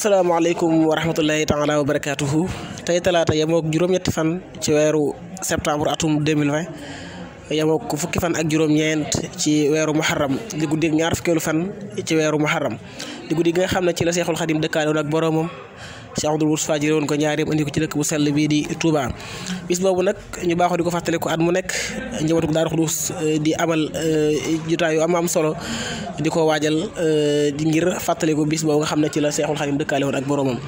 asalaamaaleykum wa rahmatullahi taala wa barakaatuhu tey talaata yemook juróom-ñetti fan ci weeru septembre atum 2020 ku fukki fan ak juróom-ñeent ci weeru muharram di guddi ñaar fukkeelu fan ci weeru muharram di guddi gi nga xam ne ci la seexul xadim dëkkaale woon ak boroomam Cheikh Abdoul Moustapha jëre woon ko ñaareem andi ko ci dëkk bu sell bii di Touba bis boobu nag ñu baaxoo di ko fàttali ko at mu nekk njabootu ko Daaru Xuduus euh, di amal euh, jotaay yu am am solo di ko waajal euh, di ngir fàttali ko bis boobu nga xam ne ci la Seexul Xadim dëkkaale woon ak boromam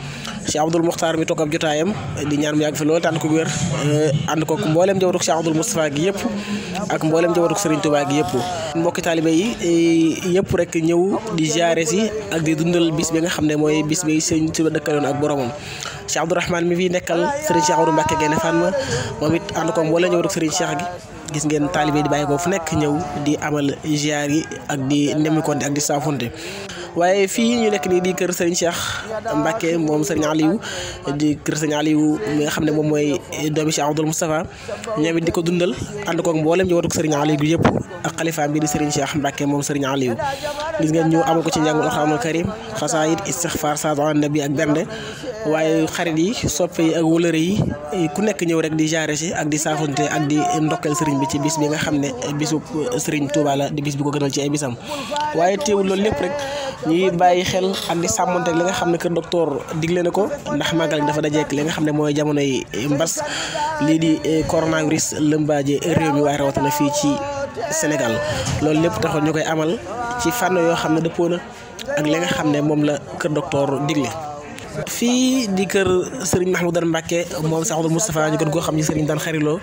Cheikh Abdoul Mokhtar mi toog ab jotaayam di ñaan mu yàgg fi loolu te ànd ko wér eh, ànd ko mbooleem njabootu Cheikh Abdoul Moustapha gi yëpp ak mbooleem njabootu Serigne Touba gi yëpp mbokki taalibe yi eh, yëpp rek ñëw di ziare si ak di dundal bis bi nga xam ne mooy bis bi sëñ Tuba dëkkaloon ak boromam Cheikh Abdou Rahman mi fi nekkal Serigne Cheikh Abdou Mbacke Gaïndé Fatma moom it ànd ko mbooleem njabootu Serigne Cheikh gi gis ngeen taalibe di bàyyi ko fu nekk ñëw di amal ziar yi ak di nemmikonte ak di saafonte waaye fii ñu nekk nii di kër Serigne Cheikh Mbacke moom Serigne Aliou di kër Serigne Aliou mi nga xam ne moom mooy doomi Cheikh Abdoul Moustapha ñoom it di ko dundal ànd koog mboolem njabootu ko Serigne Aliou gi yëpp ak xalifaam bi di Serigne Cheikh Mbacke moom Serigne Aliou gis ngeen ñëw amal ko ci njàngul Alxuraanul Karim xasaayid istixfaar salaatu ala bi ak bernde waaye xarit yi soppe yi ak wëlëre yi ku nekk ñëw rek di jaare si ak di saafonte ak di ndokkeel sëriñ bi ci bis bi nga xam ne bisu sëriñ Touba di bis bi ko gënal ci ay bisam waaye loolu lépp rek ñuy bàyyi xel ak di sàmmonteeg li nga xam ne que docteur digle na ko ndax màggal dafa dajeek li nga xam ne mooy jamono yi mbas lii di eh, coronavirus lëmbaaje réew mi waaye rawatina fii ci Sénégal loolu lépp taxoon ñu koy amal ci fànn yoo xam ne dëppoo na ak li nga xam ne moom la kër docteur digle fii di kër Serigne Mahmoudane Mbacke moom sax Abdoul Moustapha ñu gën koo xam ne Serigne daan xariloo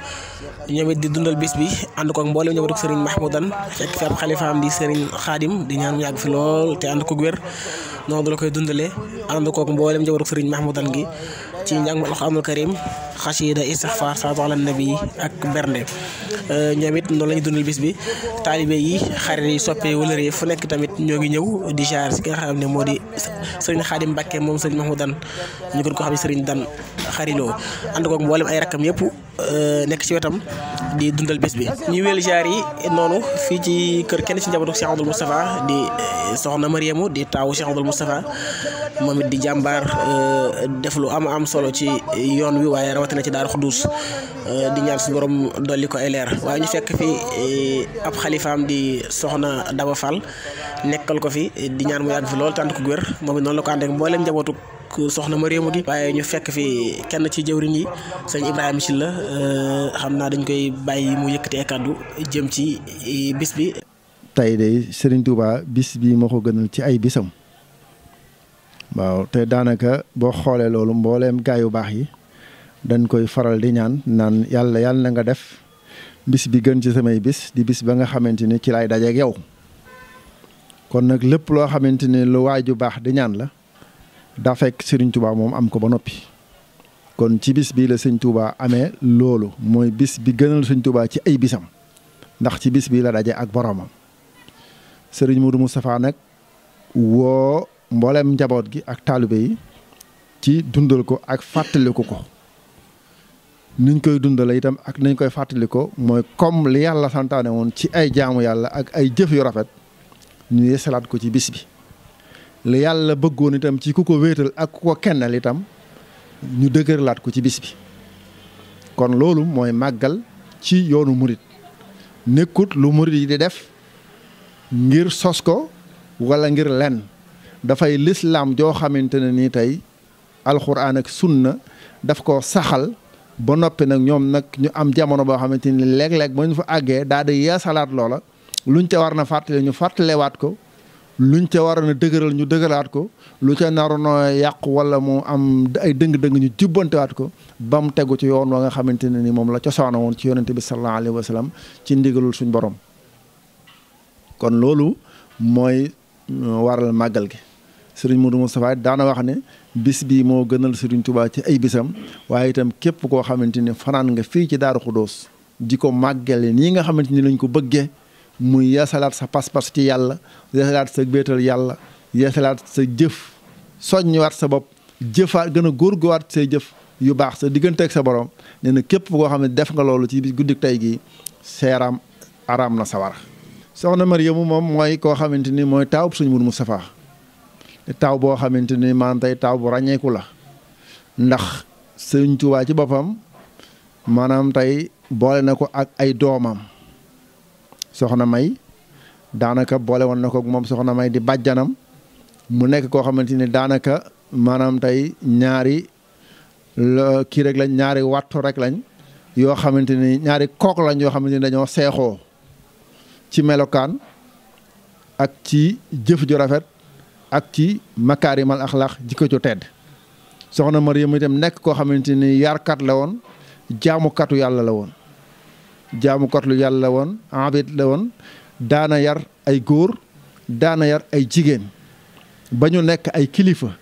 ñoom di dundal bis bi ànd koog mboolem ñoom rek Serigne Mahmoudane fekk fi ab xalifaam di Serigne Khadim di ñaan mu yàgg fi lool te ànd koog wér noonu la koy dundalee ànd kook mboolem ñoom rek Serigne Mahmoudane gi. ci njàng alxuraanul karim xasida istixfaar salaatu ala nabi ak bernde euh, ñoom it noonu la ñu dundal bis bi taalibe yi xarit yi soppee wala rëy fu nekk tamit ñoo ngi ñëw di jaar si ki nga xam ne moo di sëriñ Xaadim Mbàkke moom sëriñ Mahmoudan ñu gën ko xam ne sëriñ Dan xariloo ànd koog mboolem ay rakkam yëpp Euh, nekk ci wetam di dundal bés bi ñuy wéel yi noonu fii ci kër kenn ci njabootu Cheikh Abdoul Moustapha di euh, soxna Mariamu di taawu Cheikh Abdoul Moustapha moom it di jàmbaar euh, def lu am am solo ci yoon wi waaye rawatina ci daal Xuddus di ñaan suñu borom dolli ko ay leer waaye ñu fekk fi ab xalifaam di soxna Daba Fall nekkal ko fi di ñaan mu yàgg fi lool tànt ko wér moom it noonu la ko ànd ak mboolem njabootu ku soxna ma réemu di waaye ñu fekk fi kenn ci jëwriñ yi sëñ Ibrahima Sylla euh, xam naa dañ koy bàyyi mu yëkkatee kàddu jëm ci e, bis bi tey de Serigne Touba bis bi moo ko gënal ci ay bisam waaw te daanaka boo xoolee loolu mbooleem gaa yu baax yi dañ koy faral di ñaan naan yàlla yàlla na nga def bis bi gën ci samay bis di bis ba nga xamante ni ci laay dajeeg yow kon nag lépp loo xamante ni lu waay ju baax di ñaan la daa fekk Serigne Touba moom am ko ba noppi kon ci bis bii la sëñ Touba amee loolu mooy bis bi gënal sëñ Touba ci ay bisam ndax ci bis bii la daje ak boromam Serigne Moudou Moustapha nag woo mboolem njaboot gi ak taalibe yi ci dundal ko ak fàttaliku ko niñ koy dundale itam ak nañ koy ko mooy comme li yàlla santaane woon ci ay jaamu yàlla ak ay jëf yu rafet ñu yéesalaat ko ci bis bi. li yàlla bëggoon itam ci ku ko wéetal ak ku ko kennal itam ñu dëgërlaat ko ci bis bi kon loolu mooy màggal ci yoonu murit nekkut lu murit yi di def ngir sos ko wala ngir lenn dafay lislaam joo xamante ne nii tey alxuraan ak sunna daf ko saxal ba noppi nag ñoom nag ñu am jamono boo xamante ni léeg-léeg ba ñu fa àggee daal di yeesalaat loola luñ ca war na fàttale ñu fàttalewaat ko luñ ca waroon na dëgëral ñu dëgëlaat ko lu ca naroon a yàq wala mu am ay dëng-dëng ñu jubbantewaat ko ba mu tegu ci yoon wa nga xamante ne ni moom la cosaana woon ci yonente bi sallallahu alayhi wa sallam ci ndigalul suñ borom kon loolu mooy waral màggal gi sëriñ Modou Moustapha daana wax ne bis bii moo gënal sëriñ Touba ci ay bisam waaye itam képp koo xamante ni fanaan nga fii ci Daaru Xudóos di ko màggale nii nga xamante ni lañ ko bëggee muy yeesalaat sa pas-pas ci yàlla yeesalaat sa wéetal yàlla yeesalaat sa jëf soññiwaat sa bopp jëfaat gën a góorgóorluwaat say jëf yu baax sa digganteeg sa borom nee na képp koo xam ne def nga loolu ci guddik tey gii seeraam araam na sawar soxna Mariyamu moom mooy koo xamante ni mooy taawub suñ mur Moustapha taaw boo xamante ni maanaam tey taaw bu ràññeeku la ndax Sëriñ Tuubaa ci boppam maanaam tey boole na ko ak ay doomam soxna May daanaka boole woon na ko moom soxna May di bàjjanam mu nekk koo xamante ni daanaka maanaam tey ñaari kii rek lañ ñaari wattu rek lañ yoo xamante ni ñaari kook lañ yoo xamante ni dañoo seexoo ci melokaan ak ci jëf ju rafet ak ci makaarimal axlaax jikko ju tedd soxna Mariam itam nekk koo xamante ni yarkat la woon jaamukatu yàlla la woon jaamu kot lu yàlla la woon abid la woon daana yar ay góor daana yar ay jigéen ba ñu nekk ay kilifa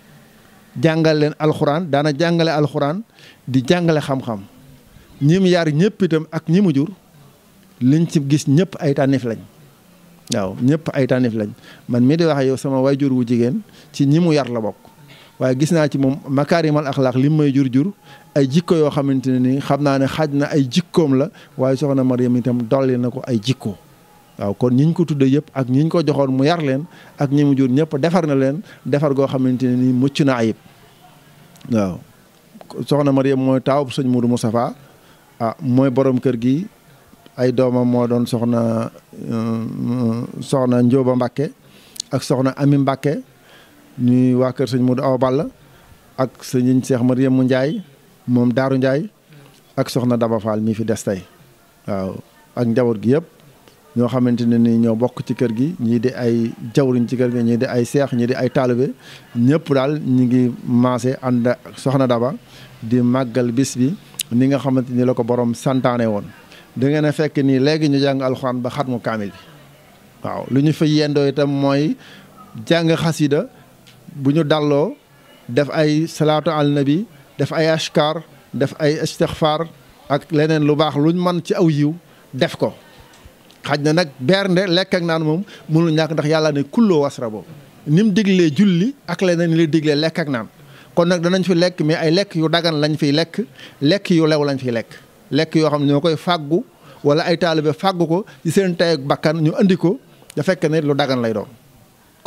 jàngal leen alxuraan daana jàngale alxuraan di jàngale xam-xam ñim yar ñëpp itam ak ñi mu jur liñ ci gis ñëpp ay tànnif lañ waaw ñëpp ay tànnif lañ man mii di wax yow sama jur wu jigéen ci ñi mu yar la bokk waaye gis naa ci moom makaarimal axlaaq li may jur jur ay jikko yoo xamante ne ni xam naa ne xaaj na ay jikkoom la waaye soxna Mariam itam dolli na ko ay jikko kon ñi ko tuddee yëpp ak ñi ko joxoon mu yar leen ak ñi mu jur ñëpp defar na leen defar goo xamante ne ni mucc na ayib waaw soxna Mariam mooy taawub sëñ Mourou Moustapha ah mooy borom kër gi ay doomam moo doon soxna euh, soxna Njóoba Mbàkke ak soxna Ami Mbàkke ñuy waker kër sëñ Modou Awa Balla ak sëñ Cheikh Mariam Ndiaye moom Daaru Ndiaye ak soxna Daba Fall mii fi des tey waaw ak njaboot gi yëpp ñoo xamante ni ñoo bokk ci kër gi ñii di ay jawriñ ci kër gi ñii di ay seex ñii di ay taalibe ñëpp daal ñu ngi soxna Daba di màggal bis bi ni nga xamante ni borom santaane woon da ngeen a fekk nii léegi ñu jàng alxuraan ba xatmu kaamil bi waaw lu ñu fa yendoo itam mooy jàng bu ñu dalloo def ay salaatu al nabi def ay ashkar def ay istixfar ak leneen lu baax luñ mën ci aw yiw def ko xaj na nag bernde lekk ak naan moom mënul ñàkk ndax yàlla ne kulloo wasra boobu ni mu diglee julli ak leneen li diglee lekk ak naan kon nag danañ fi lekk mais ay lekk yu dagan lañ fiy lekk lekk yu lew lañ fiy lekk lekk yoo xam ne ñoo koy fàggu wala ay taalibe fàggu ko ci seen tey ak bakkan ñu indi ko da fekk ne lu dagan lay doon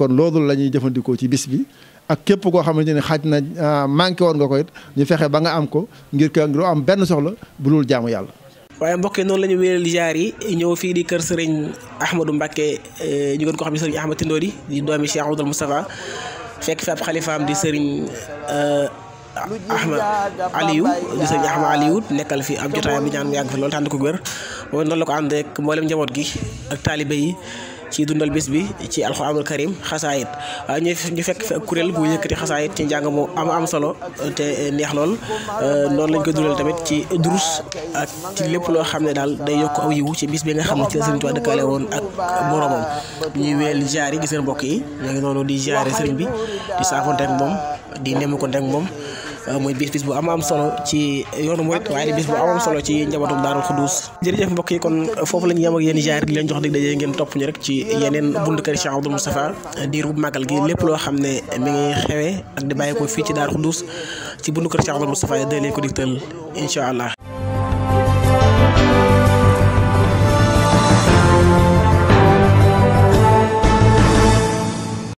kon loolu la ñuy jëfandikoo ci bis bi ak képp koo xamante ne xaj na ah, manqué woon nga koy ñu fexe ba nga am ko ngir ka doo am benn soxla bu dul jaamu yàlla. waaye mbokkee yi noonu la ñu wéyal yi ñëw fii di kër sëriñ Ahmadou Mbacke eh, ñu gën ko xam ne sëriñ Ahmad Tindodi di doomi Cheikh Abdoul Moustapha fekk fi xalifaam di sëriñ eh, Ahmad Aliou di sëriñ Ahmad Aliou nekkal fi bi ñaan mu yàgg fi loolu tànd rek mboolem njaboot gi ak taalibe yi. ci dundal bis bi ci alxuraanul karim xasaayit ah, ñu fekk fi ak kuréel bu yëkkati xasaayit ci njàng mu am am solo te neex lool ah, noonu lañ ko dundal tamit ci durus ak lépp loo xam ne daal day yokk aw yiwu ci bis bi nga xam ne ci la Sëriñ Tuubaa dëkkaale woon ak boromam ñuy weel jaar yi di mbokk yi ñoo ngi noonu di jaare sëriñ bi di saafonte ak moom di nemmikonte ak moom Euh, muy bis bis bu am am solo ci yoonu murit waaye di bis bu am am solo ci njabootum Daaru Xuduus jërëjëf mbokk yi kon foofu lañ yem ak yéen jaar di leen jox dig daje ngeen topp ñu rek ci yeneen bund kër Cheikh Abdoul Moustapha diir bu magal gi lépp loo xam ne mi ngi xewee ak di bàyyi ko fii ci Daaru Xuduus ci bund kër Cheikh Abdoul Moustapha day leen ko digtal incha allah